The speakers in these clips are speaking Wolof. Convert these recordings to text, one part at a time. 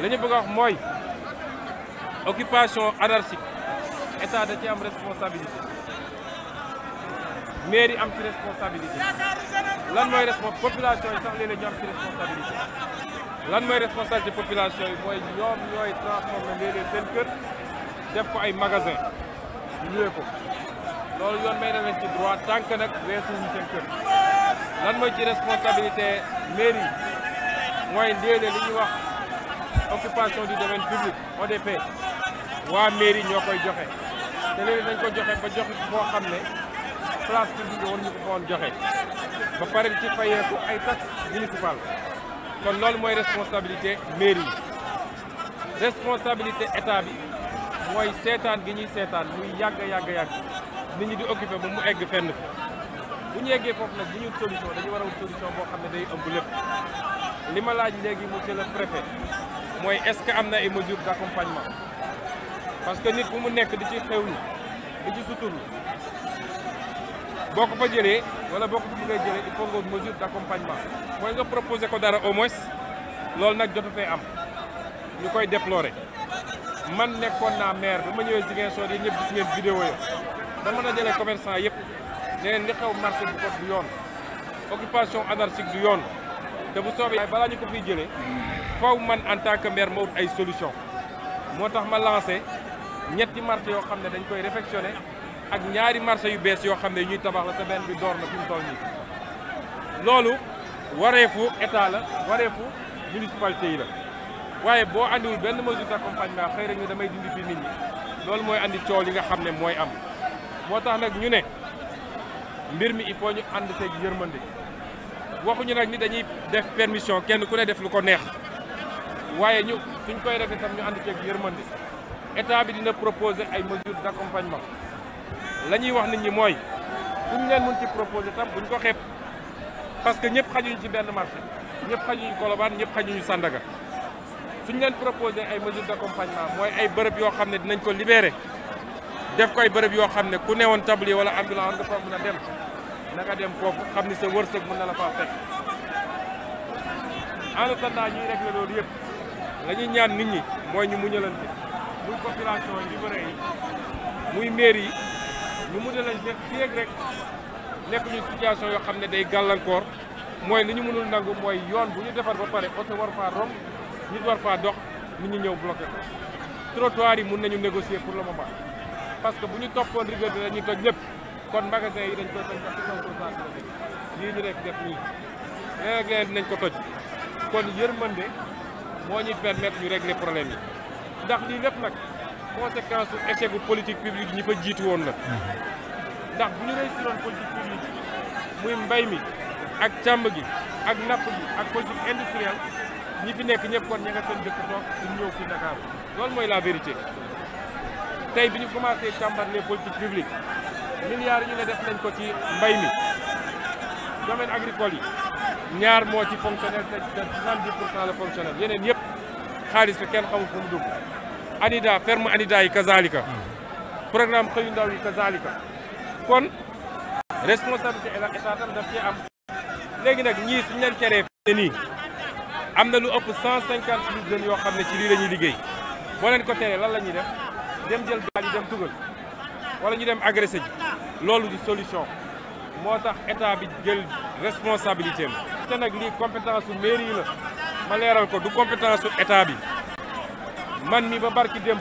lañu ñu bëgg a mooy occupation anarchique état da ci am responsabilité mairie am ci responsabilité lan mooy respons population yi sax léeg-léeg ñu am ci responsabilité lan mooy yi mooy ñoom ñooy transformé léeg seen kër def ko ay magasin ñëwee ko loolu yoon may na leen ci droit tant nag weesu ñu seen kër lan mooy ci responsabilité mairie mooy léeg-léeg li wax. occupation du domaine public ODP waa mairie ñoo koy joxe te léegi dañ ko joxe ba joxe boo xam ne place publique war ñu ko foon joxe ba pare ci fayeeku ay taxe municipale kon loolu mooy responsabilité mairie yi responsabilité état bi mooy seetaan gi ñuy seetaan muy yàgg yàgg yàgg nit ñi di occupé ba mu egg fenn fi bu ñu yeggee foofu nag bu ñu solution dañu war a boo xam ne day ëmb lépp li ma laaj léegi monsieur le préfet mooy est-ce que am na ay mesures d'accompagnement parce que nit bu mu nekk di ci xewlu di ci suturlu boo ko fa jëlee wala boo ko fa bëggee jëlee il faut nga mesure mooy nga proposé ko dara au moins loolu nag jotu fee am ñu koy déplorer man nekkoon na maire ba ma ñëwee Ziguinchor yi ñëpp gis ngeen vidéo yo dama dajale commerçant yëpp ne leen li xew marché bu ko du yoon occupation anarchique du yoon te bu soobee waaye balaa ñu ko fiy jëlee faw man en tant que maire ma ay solution moo tax ma lancé ñetti marché yoo xam ne dañ koy réfectionné ak ñaari marché yu bees yoo xam ne ñuy tabax la te benn bi door na fi mu toll nii loolu wareefu état la wareefu municipalité yi la waaye boo andiwul benn mesure d'accompagnement xëy rek ne damay dindi fi nit loolu mooy andi coow li nga xam ne mooy am moo tax nag ñu ne mbir mi il faut ñu ànd seeg yërmande waxuñu nag ni dañuy def permission kenn ku ne def lu ko neex waaye ñu suñ koy defee tam ñu ànd ceeg yërmande état bi dina proposer ay mesures d'accompagnement la ñuy wax nit ñi mooy suñ leen mën ci proposer tam buñ ko xeeb parce que ñëpp xajuñu ci benn marché ñëpp xajuñu Colobane ñëpp xajuñu Sandaga suñ leen proposer ay mesures d'accompagnement mooy ay bërëb yoo xam ne dinañ ko libérer def koy bërëb yoo xam ne ku newoon tablier wala ambulance nga toog mën a dem na nga dem foofu xam ni sa wërsëg mën na la faa fekk en attendant ñuy réglé loolu yëpp la ñuy ñaan nit ñi mooy ñu muñalante muy population yi riverains yi muy maire yi ñu muñalante fii ak rek nekk ñu situation yoo xam ne day gàllankoor mooy li ñu mënul nangu mooy yoon bu ñu defar ba pare oto war faa romb nit war faa dox nit ñi ñëw bloqué ko trottoir yi mun nañu négocier pour le moment parce que bu ñu toppoon rigueur ñu toj lépp. kon magasin yi dañ koy ñu nekk def nii léeg ak leneen dinañ ko toj kon yërmande moo ñuy permettre ñu régler problème yi ndax lii lépp nag conséquence su échec bu politique publique ñi fa jiitu woon la ndax bu ñu réussir woon politique publique muy mbay mi ak càmb gi ak napp gi ak politique industrielle ñi fi nekk ñëpp kon ña nga seen dëkk toog pour ñëw fii loolu mooy la vérité tey bi ñu commencé càmbar les politiques publiques milliards ñu ne def nañ ko ci mbay mi domaine agricole yi ñaar moo ci fonctionnaire te te 70 pour cent la fonctionnaire yeneen yëpp xaalis bi kenn xamul fu mu dugg. Anida ferme Anida yi kazalika programme xëyu ndaw yi kazalika kon responsabilité état tam daf cee am léegi nag ñii suñu leen teree fii nii am na lu ëpp 150 jeunes yoo xam ne ci lii lañuy liggéey boo leen ko teree lan la ñuy def dem jël baal yi dem tugal wala ñu dem agressé ji. loolu di solution moo tax état bi jël responsabilité am te nag lii compétence su mairie la ma leeral ko du compétence su état bi man mi ba barki démb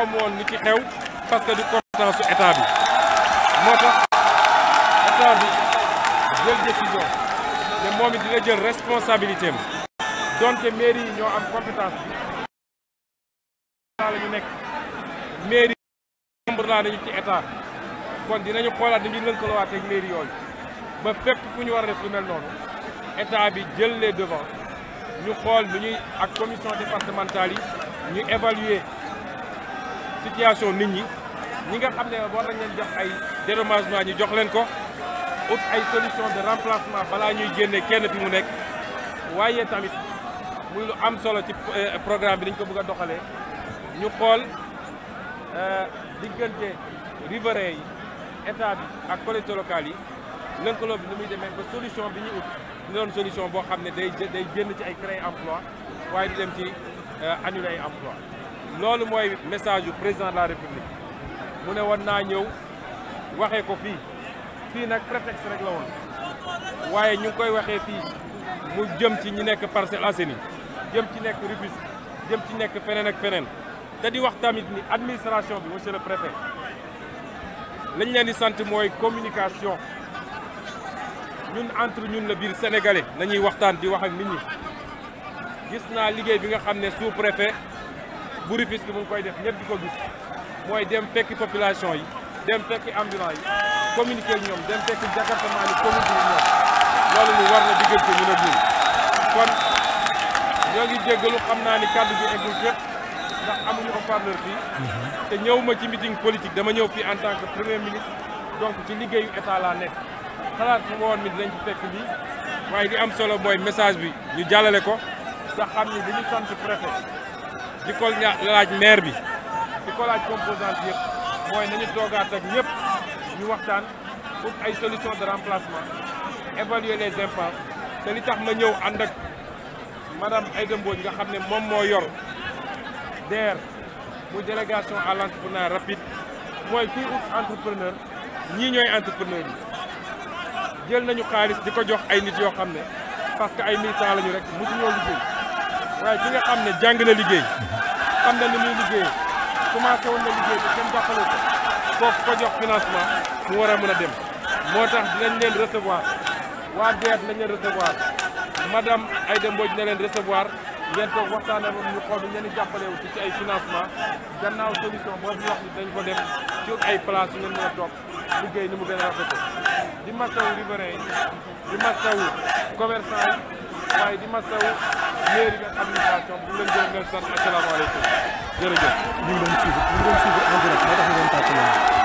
amoon ni ci xew parce que du compétence su état bi moo tax état bi jël décision te moom it dina jël responsabilité donte mairie yi ñoo am compétence bi la ñu nekk mairie membre dañu ci état kon dinañu xoolaat ni ñu lënkalawaat ak mairie yooyu ba fépp fu ñu war a def lu mel noonu état bi jël les devants ñu xool lu ñuy ak commission départementale yi ñu évaluer situation nit ñi ñi nga xam ne war nañ leen jox ay dédommagement ñu jox leen ko ut ay solution de remplacement balaa ñuy génne kenn bi mu nekk waaye tamit muy lu am solo ci euh, programme bi dañ ko bëgg a doxalee ñu xool euh, diggante riverains yi état bi ak collectivités locales yi lëkkaloo bi ni muy demee ba solution bi ñu ut ñu doon solution boo xam ne day day génn ci ay créer emploi waaye di dem ci euh, annuler ay emploi loolu mooy message yu président de la république mu ne woon naa ñëw waxee ko fii fii nag prétexte rek la woon waaye ñu ngi koy waxee fii mu jëm ci ñi nekk Parcelles Assainies jëm ci nekk Rufisque jëm ci nekk feneen ak feneen te di wax tamit ni administration bi monsieur le préfet lañ leen di sant mooy communication ñun entre ñun la biir sénégalais nañuy waxtaan di wax ak nit ñi gis naa liggéey bi nga xam ne sous préfet bu Rufisque mu ngi koy def ñëpp ko gis mooy dem fekki population yi dem fekki ambulants yi communiquer ak ñoom dem fekki département yi communiquer ak ñoom loolu lu war na diggante ñun ak ñun kon ñoo ngi jéggalu xam naa ni kàddu bi eggul fépp ndax amuñu ko parleur fii te ñëw ma ci meeting politique dama ñëw fii en tant que premier ministre donc ci liggéeyu état laa nekk xalaat su ma woon mi dinañ ci fekk lii waaye li am solo mooy message bi ñu jàllale ko nga xam ni li ñu sant préfet di ko laaj maire bi di ko laaj composante yëpp mooy nañu toogaat ak ñëpp ñu waxtaan pour ay solution de remplacement évaluer les impasses te ma ñëw ànd ak ay Aïda Mbodj nga xam ne moom moo yor DER muy délégation bu l'entrepreneuriat rapide mooy kuy ut entrepreneur ñii ñooy entrepreneur yi jël nañu xaalis di ko jox ay nit yoo xam ne parce que ay militants lañu rek musu ñoo liggéey nga xam ne jàng na liggéey xam na ni muy liggéey commencé woon na liggéey bi kenn jàppale ko kooku financement mu war a mën a dem moo tax di dinañ leen recevoir waa DER dinañ leen recevoir madame Aïda Mbodj na leen recevoir ngeen toog waxtaanee moom ñu xool bi ngeen di jàppale aussi ci ay financement gannaaw solution boobu ñu dañ ko def ci ay place ngeen mën a toog liggéey ni mu gën a rafetee di masawu riverain yi di masawu commerçant yi waaye di masawu mairie bi ak administration bu leen gërëm leen sant asalaamaaleykum jërëjëf. ñu ngi doon suivre ñu ngi doon suivre en direct moo tax ñu doon tàcc